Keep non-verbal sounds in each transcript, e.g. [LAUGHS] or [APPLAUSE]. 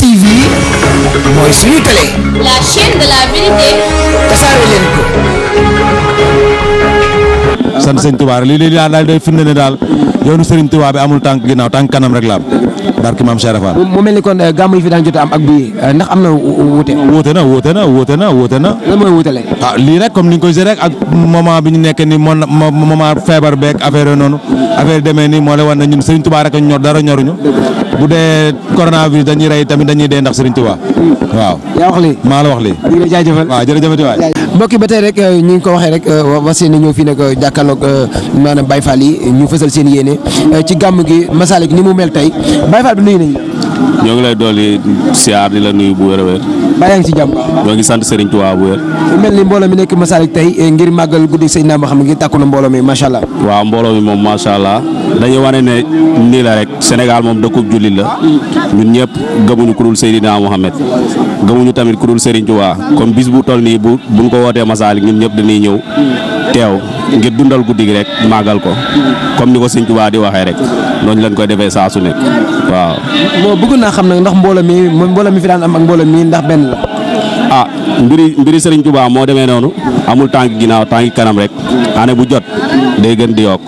TV mooy suñu télé. la chaîne de la vérité. tasaare leen ko. sant sëñ Tuubaa lii lii daal day firnde ne daal yoonu sëriñ Tuubaa bi amul tànk ginnaaw tànk kanam rek la am barki maam Cheikh Rafal mu mel ni kon eh, gàmm yi fi daan jot am ak bii eh, ndax am na wuute wuute na wuute na wuute na wuute na lan mooy ah, feebar beeg affaire noonu affaire demee nii moo lay wan ne ñun sëriñ Tuubaa rek ñor dara ñoruñu bu dee coronavirus dañuy rey tamit dañuy dee ndax sëriñ Tuubaa waaw yaa wax lii maa la wax lii ba tey eh, jàkkaarloog euh, maanaam Baye Fall yi ñu fësal seen yéene euh, ci gàmm gi Masalik ni mu mel tey Baye Fall bi nuyu nañu ñoo ngi lay dolli siyaar di la nuyu bu wér a wér bàyyi ngi ci jàmm ñoo ngi sant sëriñ Touba bu wér mel ni mbooloo mi nekk Masalik tey eh, ngir màggal guddi Seydina Muhammad ngi tàkku na mbooloo mi macha allah waaw mbooloo mi moom macha allah dañuy wane ne nii la rek Sénégal moom dëkkub jullit la ñun ñëpp gëmuñu ku dul Seydina Muhammad gëmuñu tamit ku dul Serigne Touba comme bis bu toll nii bu buñ ko wootee Masalik ñun ñëpp dañuy ñëw teew ngir dundal guddi gi rek màggal ko comme ni ko sëñ Tuubaa di waxee rek noonu lañ koy defee saa su nekk waaw. moo bëgg naa xam na ndax mbooloo mi mbooloo mi fi daan am ak mbooloo mi ndax benn la. ah mbiri mbiri Serigne Touba moo demee noonu amul tànk ginnaaw tànk kanam rek année bu jot day gën di yokk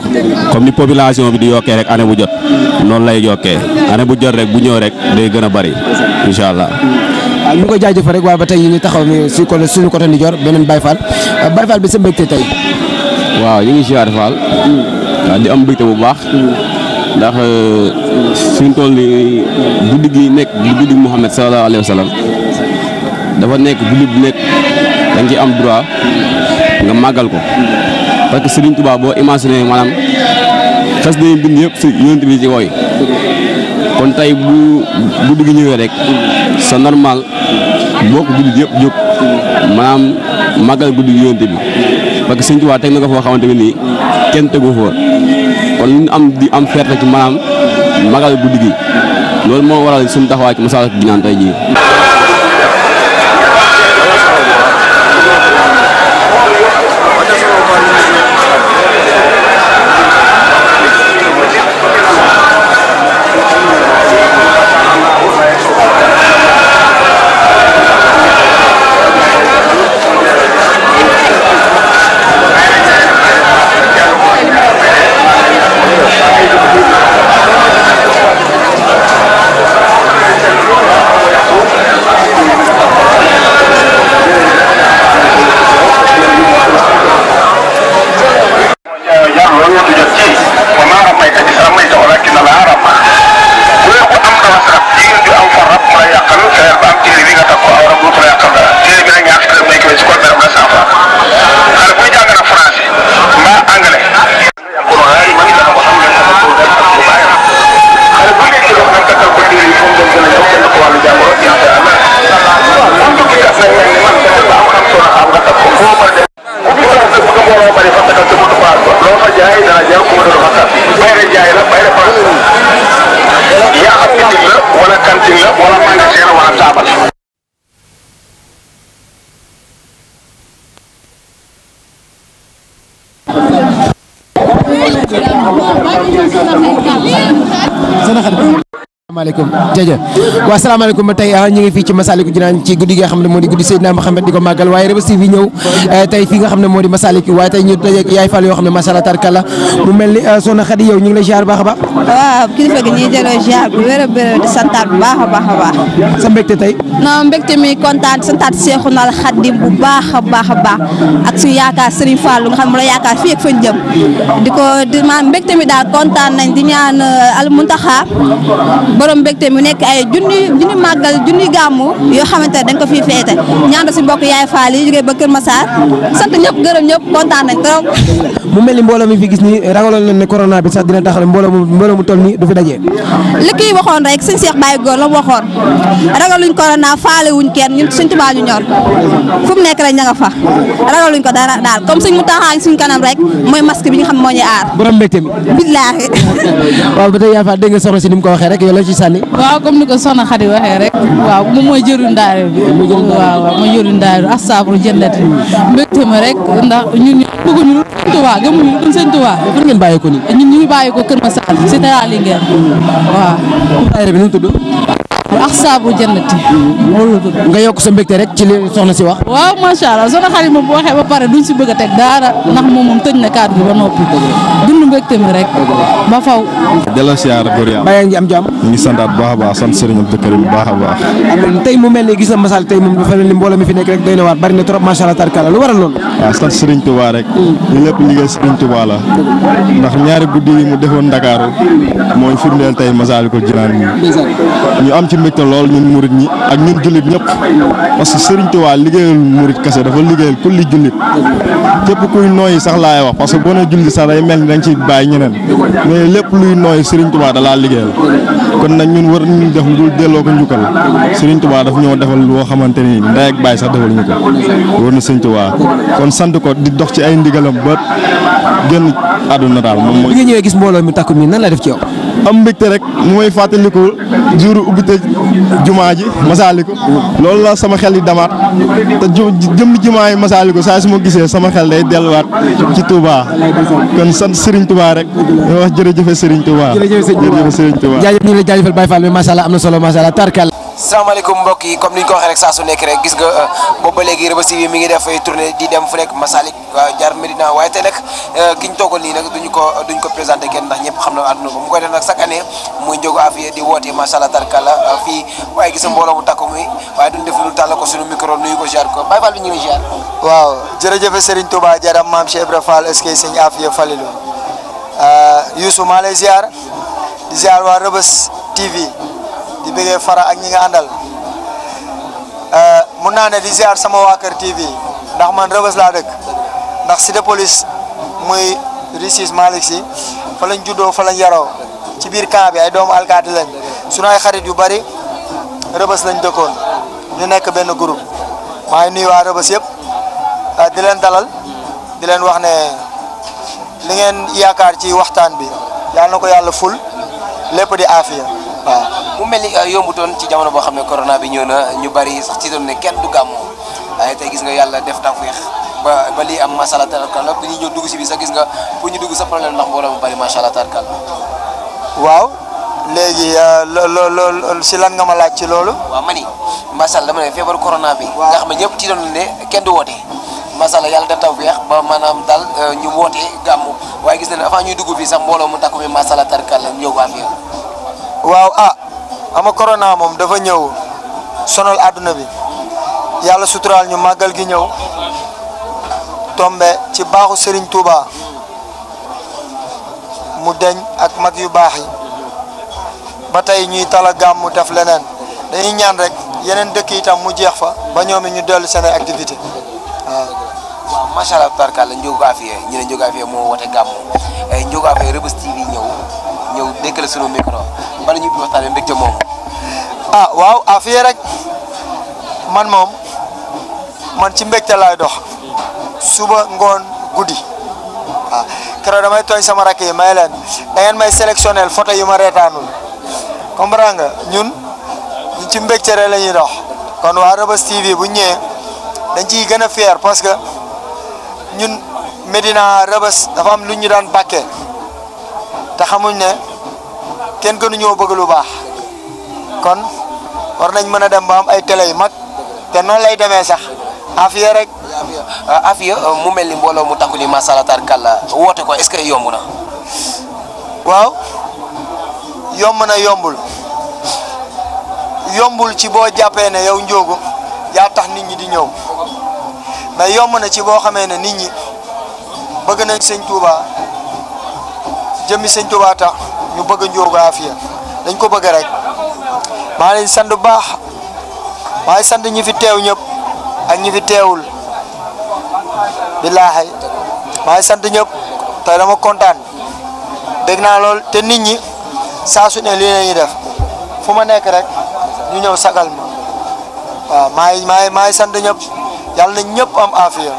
comme ni population bi di yokkee rek année bu jot noonu lay yokkee année bu jot rek bu ñëw rek day gën a bari incha allah. waaw ñu ko jaajëfal rek waaye ba tey ñu ngi taxaw ni si côté suñu côté Ndior beneen Baye Fall euh, Baye Fall bi sa mbégte tey. waaw ñu ngi ziar Fall. waaw di am mbégte bu baax. ndax euh, fi mu toll nii nekk guddi Mouhamed sallallahu dafa nekk guddi bu nekk da am droit nga màggal ko parce que Serigne Touba boo imaginé maanaam xas nañu bind yëpp si bi ci wooy kon tey bu guddi ñëwee rek. c'est normal boo ko jullit yëpp jóg maanaam màggal guddi yonent bi parce que Sëñ Tuubaa teg na ko foo xamante ne nii kenn tegu fa kon li ñu am di am ferte ci maanaam magal guddi gi loolu moo waral suñu taxawaay ci Masaalikul Jinaan tey jii. Sénégal maaleykum jërëjëf waaw salaamaaleykum ba tey ah, ñu ngi fii ci Massalikul Jinaan ci guddi gi xam ne moo di guddi Seydina Muhammad di ko waaye Reubeuss TV ñëw eh, tey fii nga xam ne moo di Massalik waaye tey ñu dajeeg yaay Fall yoo xam ne macha Allah tarkala mu mel ni eh, soxna Khady yow ñu ngi lay ziar bu baax a baax waaw kilifa gi ñuy jëloo ziar bu wér a wér di santaat bu baax a baax a baax sa mbégte bu baax a baax a baax ak suñu yaakaar Serigne Fall nga xam ne mu la yaakaar fii ak fañ jëm di ko di ma mbégte mi daal kontaan nañ di ñaan eh, al Muntaxa borom mbégte mu nekk ay junni junni màggal junni gàmmu yoo xamante ne dañ ko fiy feete ñaanal suñu mbokk yaay faal yi jógee ba Kër Massar sant ñëpp gërëm ñëpp kontaan nañ trop. mu mel ni mbooloo mi fi gis ni ragaloon nañ ne corona bi sax dina taxal mbooloo mu mbooloo mu toll nii du fi dajee. li kii waxoon rek suñ Cheikh Baye Góor la mu waxoon ragaluñ corona faale wuñ kenn ñun suñ Tuubaa ñu ñor fu mu nekk rek ña nga fa ragaluñ ko dara daal comme suñ mu taxaañ suñ kanam rek mooy masque bi ñu xam moo aar. [LAUGHS] ba tey yaa fa dégg nga si ni mu ko waxee ci sànni. waaw comme ni ko soxna Khady waxee rek. waaw moom mooy jëriñ daara bi. mooy jëriñ daara waaw waaw mooy jëriñ daara bi asaabu jëndati. mbégte ma rek ndax ñun ñu bëgguñu lu Sëñ Tuubaa gëmuñu lu ci Talla Linguère. waaw. daara bi nu mu tudd. saabu jannati loolu nga yokk sa mbégte rek ci li soxna si wax waaw macha allah soxna xarit moom bu waxee ba pare duñ si bëgg a teg daara ndax moom moom tëj na kàddu gi ba noppi dund mbégte mi rek ba faw delloo siyaar góor yàlla bàyyi ngi am jàmm ngi santaat baax a baax sant sëriñ Abdou Karim baax a baax tey mu mel ni gis na masal tey moom dafa mel ni mbooloo mi fi nekk rek doy na waat bari na trop macha allah tarkala lu waral loolu waaw sant sëriñ Touba rek ñu lépp liggéey sëriñ Touba la ndax ñaari guddi yi mu defoon Ndakaaru mooy firndeel tey Masaalikul Jinaan ñu marqué lool ñun murit ñi ak ñun jullit ñëpp parce que Serigne Touba liggéeyal murit kese dafa liggéeyal kulli jullit képp kuy nooyi sax laay wax parce que boo nee jullit sax day mel ni da nga ciy bàyyi ñeneen mais lépp luy nooyi Serigne Touba liggéeyal kon nag ñun war nañu def lu delloo ko njukkal Serigne Touba ñoo defal loo xamante ni ndey ak baay sax defal ñu ko war na Serigne kon sant ko di dox ci ay ndigalam ba génn àdduna daal moom mooy. gis mbooloo mi takku mi nan jumaa ji masaaliku loolu la sama xel yi damaat te jëm jumaa yi masaaliku saa su ma gisee sama xel day delluwaat ci Touba kon sant Serigne Touba rek wax jërëjëf Serigne Touba jërëjëf Serigne Touba jaajëf ñu la jaajëfal bi macha am na solo macha allah tarkal salaamaaleykum mbokk yi comme ni ñu ko waxee rek saa su nekk rek gis nga euh, boobu ba léegi Reubeuss TV mi ngi def ay tournée di dem fu nekk Masalik waaw Médina waaye tey nag euh, ki ñu toogal ko duñ ko présenté kenn ndax ñëpp xam na àdduna ko mu koy def nag chaque année muy njógu afiya di woote macha allah tarkala euh, fii waaye gis mbooloo mu takku muy waaye duñ def lu tàll ko suñu micro nuyu ko ziar ko Baye Fall bi ñu ngi ziar. waaw jërëjëf Serigne Touba jaram maam Cheikh Ibra Fall est-ce que sëñ Afiya Falilou Youssou di bëggé fara ak ñi nga àndal euh, ne di ziar sama waa TV ndax man Rebeuss la dëkk ndax de Police muy rissis Malick si fa lañ juddoo fa lañ yaroo ci biir camp bi ay doomu alkaati lañ suñu ay xarit yu bari Rebeuss lañ dëkkoon ñu nekk benn groupe maa ngi nuyu waa Rebeuss yëpp euh, di leen dalal di leen wax ne li ngeen yaakaar ci waxtaan bi yàlla na ko yàlla ful lépp di aafiya mu melni ni euh, yombutoon ci jamono bo xamne corona bi ñëw na ñu bari sax ci doon ne kenn du gamu ay tay gis nga yalla def tawfeex ba ba li am masala tarkal la bu ñu ñëw dugg si bi sax gis nga pour ñu dugg sa problème ndax mbolam mu bari macha allah tarkal waaw legi euh, lo lo ci lan nga ma laacc ci lolu wa mani masala dama ne febar corona bi nga xamne ñepp ci doon ne kenn du woote masala yalla da taw weex ba manam dal euh, ñu woote gamu way gis na ne avant ñuy dugg fi sax mbooloo mu takku mi masala tarkal la ñëw waa waaw ah ama corona moom dafa ñëw sonol àdduna bi yàlla suturaal ñu màggal gi ñëw tombe ci baaxu Serigne Touba mu deñ ak mag yu baax yi ba tey ñuy tala mu def leneen dañuy ñaan rek yeneen dëkk itam mu jeex fa ba ñoom ñu dellu seen ay activité waaw macha allah barka la Ndiogou moo wote gàmmu eh, Ndiogou Afia Rebeuss TV ñëw. ñëw dékkale sunu micro bala ñu bi waxtaanee mbégte moomu. ah waaw affaire rek man moom man ci mbégte laay dox suba ngoon guddi waaw ah, keroog damay tooñ sama rakk yi may leen da ngeen may sélectionnel photo yu ma reetaanul comprends nga ñun ci mbégte rek la kon waa Reubeuss TV bu ñëwee dañ ciy gën a fier parce que ñun Médina Reubeuss dafa am lu daan bàkkee te xamuñ ne kenn gënu ñoo bëgg lu baax kon war nañ mëna dem ba am ay télé yu mag té non lay démé sax afiya rek euh, afiya euh, mu melni mbolo mu takku ni masala tarkalla woote ko est ce que yomb na waw yomb na yombul yombul ci bo jappé né yow njóogu ya tax nit ñi di ñew mais yomb na ci bo xamé né nit ñi bëgg nañ Touba jëmmi sëñ Tuubaa ñu bëgg a Ndiogou dañ ko bëgg rek maa leen sant bu baax maa sant ñi fi teew ñëpp ak ñi fi teewul billaahi maa ngi sant ñëpp te dama kontaan dégg naa lool te nit ñi saa su ne lii def fu ma nekk rek ñu ñëw sagal ma maa ngi maa ngi maa ngi sant ñëpp yàlla na ñëpp am afiya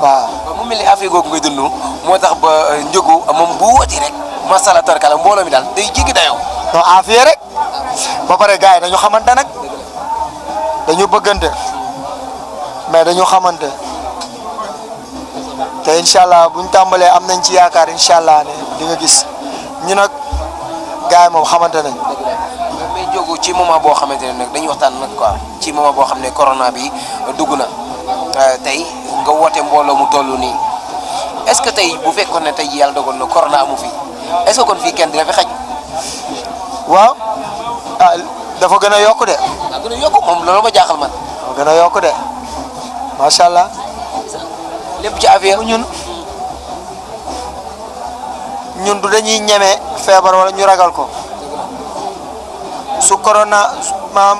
waaw. mu mel afiya googu ngay moo tax ba eh, Ndiogou moom bu rek. macha allah tarkala mbooloo mi daal day jigi dayoo. non affaire rek ba pare gars yi dañu xamante nag dañu bëggante mais dañu xamante te incha allah bu ñu tàmbalee am nañ ci yaakaar incha allah ne di nga gis ñu nag gars yi moom xamante nañ. mais jógu ci moment boo xamante ne nag dañuy waxtaan nag quoi ci moment boo xam ne corona bi dugg na euh, tey nga woote mbooloo mu toll nii est-ce que tey bu fekkoon ne tey yàlla dogal na corona mu fii est-ce que kon fii kenn dina fi xaj. waaw ah dafa gën a yokk de. dafa gën moom loolu ma jaaxal man. dafa gën a yokk de macha allah. lépp ci affaire ñun ñun du dañuy ñeme feebar wala ñu ragal ko su corona maam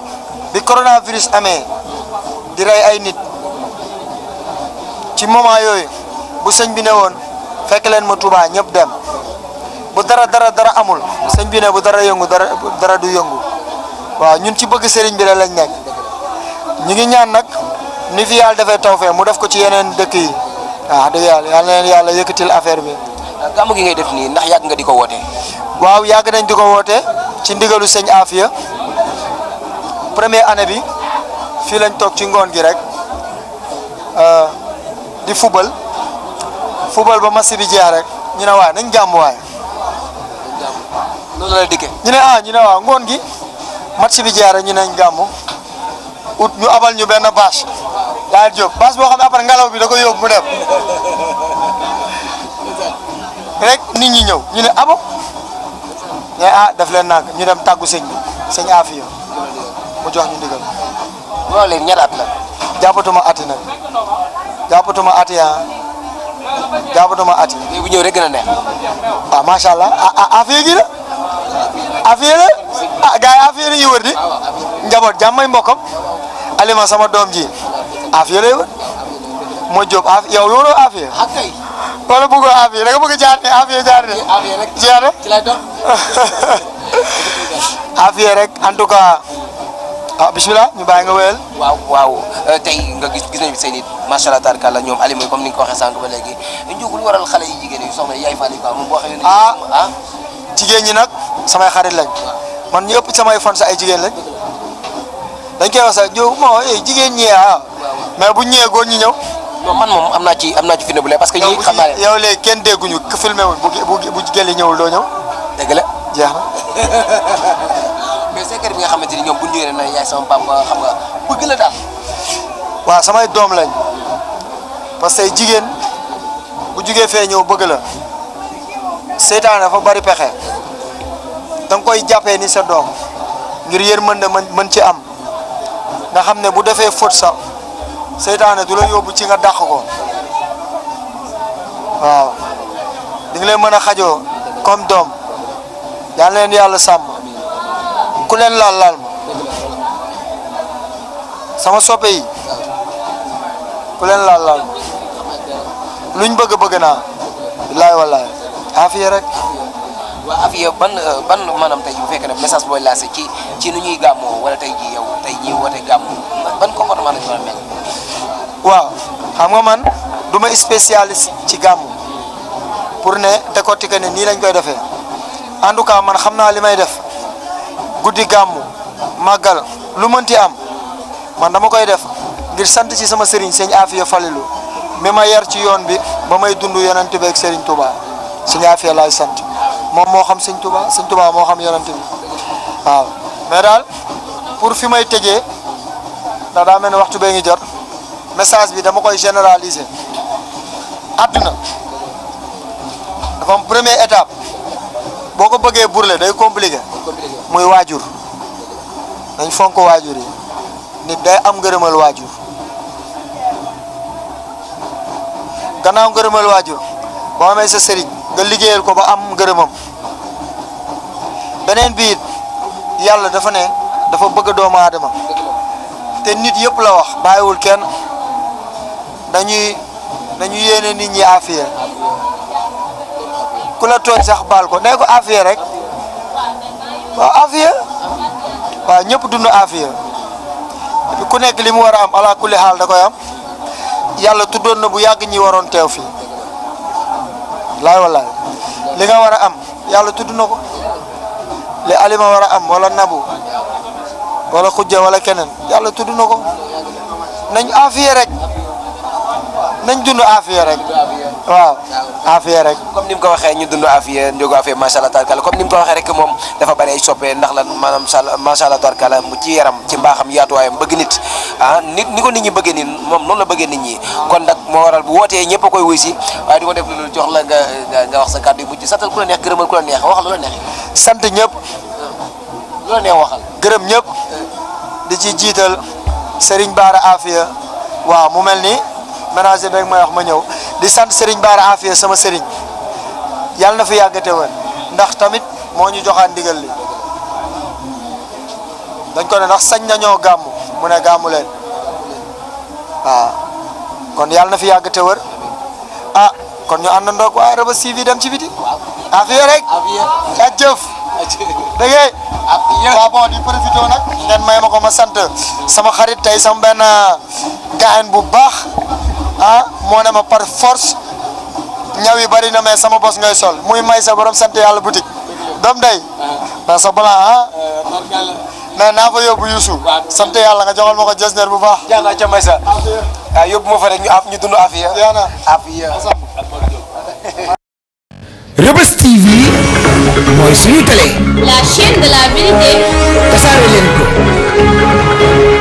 bi coronavirus amee di rey ay nit ci moment yooyu bu sëñ bi ne woon fekk leen ma Touba ñëpp dem. bu dara dara dara amul sëñ bi ne bu dara dara dara du yëngu wah ñun ci bëgg sëriñ bi la lañ nekk ñi ngi ñaan nak ni fi yalla dafay tawfé mu def ko ci yenen dëkk yi waaw ah, de yalla yalla leen yàlla yëkkatil affaire bi. gi ngay def ni ndax yag nga di woté waaw yag nañ di woté ci ndigalu sëñ Afia première année bi fi lañ tok ci ngoon gi rek euh, di fubal fubal ba massi bi jaar rek ñu na waaye nañ jamm noonu la dikkee ñu ne ah ñu ne waaw ngoon gi match bi jaare ñu neñ gàmmu ut ñu abal ñu benn bâche daal di jóg bâche boo xam ne après ngelaw bi da koy yóbbu mu dem rek nit ñi ñëw ñu ne abo ah, ne ah daf leen nag ñu dem tàggu sëñ bi sëñ Afia mu jox ñu ndigal loolu léegi ñaata at la jàppatuma ati nag jàppatuma ati ah jàppatuma ati bu ñëw rek gën a neex waaw ah, macha allah ah ah Afia gi la affaire ah gars yi affaire yi wër di njaboot jàmmay mbokkam alima sama doom ji afir, lay wër moo jóob affaire yow looloo affaire ah, wala bëggoo jare, da nga bëgg jaar ne afir, jaar ne jaar ne [LAUGHS] affaire rek en tout cas ah bisimilah ñu bàyyi nga wéyal. waaw waaw euh, tey nga gis gis nañu seen it macha allah taarkalla ñoom Alima comme ni nga ko waxee sànq ba léegi njugul waral xale yi jigéen yi soxna yaay Fally quoi moom boo xam ah, ah. jigéen ñi nag samay xarit lañ man ñu samay fan sa ay jigéen lañ dañ koy wax sax ñu eh, jigéen ñi ah mais bu ñëwee góor ñi ñëw. non man moom am naa ci am naa ci firnde bu lee parce que. ñii xam naa yow kenn dégguñu ku filmé wuñ bu bu bu jigéen ñëwul doo ñëw. dëgg la jeex na. [LAUGHS] mais secret bi nga xamante ni ñoom bu ñu ñëwee na yaay sama papa xam nga bëgg la daal. waaw samay doom lañ parce que jigéen bu jugee fee ñëw bëgg la. seytaane dafa bari pexe da koy jàppee ni sa doom ngir yërmande mën mën ci am nga xam ne bu defee faute sax seytaane du la yóbbu ci nga dàq ko waaw di leen mën a xajoo comme doom yal leen yàlla sàmm ku leen laal laal ma sama soppe yi ku leen laal laal ma luñ bëgg bëgg naa billaay wallaay afiya rek. waaw afiya ban euh, ban maanaam tey bu fekkee ne message booy lancé ci ci nu ñuy gàmmoo wala tey jii yow tey ñi woote gàmmu ban comportement lañ war a mel. waaw xam nga man du ma spécialiste ci gàmmu pour ne décortiquer ne nii lañ koy defee en tout cas man xam naa li may def guddi gàmmu màggal lu mënti am man dama koy def ngir sant ci sama sëriñ sëñ Afiya Falilu mi ma yar ci yoon bi ba may dund yonent bi ak sëriñ Touba. sëñ Afia laay sant moom moo xam sëñ Touba sëñ moo xam yonent bi waaw mais daal pour fi may tëjee ndax daa mel ni waxtu bee ngi jot message bi dama koy généraliser àdduna dafa am étape boo ko bëggee burle day compliqué muy waajur dañ fonk waajur yi nit day am ngërëmal waajur gannaaw ngërëmal waajur boo amee sa sëriñ nga liggéeyal ko ba am ngërëmam beneen biir yàlla dafa ne dafa bëgg doomu aadama te nit yëpp la wax bàyyiwul kenn dañuy dañu yéene nit ñi afiya ku la tooñ sax baal ko nee ko rek waaw afiya waaw ñëpp dund afiya ku nekk li mu war a am ala kulli xaal da koy am yàlla tuddoon na bu yàgg ñi waroon teew fii laay wallaay li nga war a am yàlla tudd na ko li alima war a am wala nabu wala xujja wala keneen yàlla tudd na ko nañ afiye rek nañ dund afiya rek waaw afiya rek comme nim ko waxe ñu dund afiya njogu afiya ma sha Allah taala comme nim ko waxe rek mom dafa bari ay soppé ndax lan manam ma sha Allah taala mu ci yaram ci mbaxam yaatu wayam bëgg nit ah nit niko nit ñi bëgg nit mom non la bëgg nit ñi kon nak mo waral bu woté ñepp koy wëysi way diko def lu jox la nga nga wax sa kaddu bu ci satal ku la neex gëreumal ku la neex wax lu la neex sant ñepp lu la neex waxal gëreum ñepp di ci jital serigne bara afiya waaw mu melni ménager beeg may wax ma ñew di sante Serigne Bara Afia sama Serigne yalla na fi yagate won ndax tamit mo ñu joxaan digal li dañ ko ne ndax sañ nañoo gamu mu ne gamu leen waaw kon yalla na fi yagate wër ah kon ñu ko waa Reubeuss civi dem ci biti Afia rek ak jëf [LAUGHS] dege nga di profito nak ngeen may mako ma sante sama xarit tay sama ben euh, gaane bu baax ah ma par force ñaw yi bari na mais sama bos ngay sol muy may sa borom sant yàlla boutique dom day da ah. sa blanc ah mais naa fa yóbbu nga joxal ma jesner bu baax jaana ca may sa ah, yóbbu ma fa rek ñu af ñu dund Rebus TV moi suñu télé la chaîne de la vérité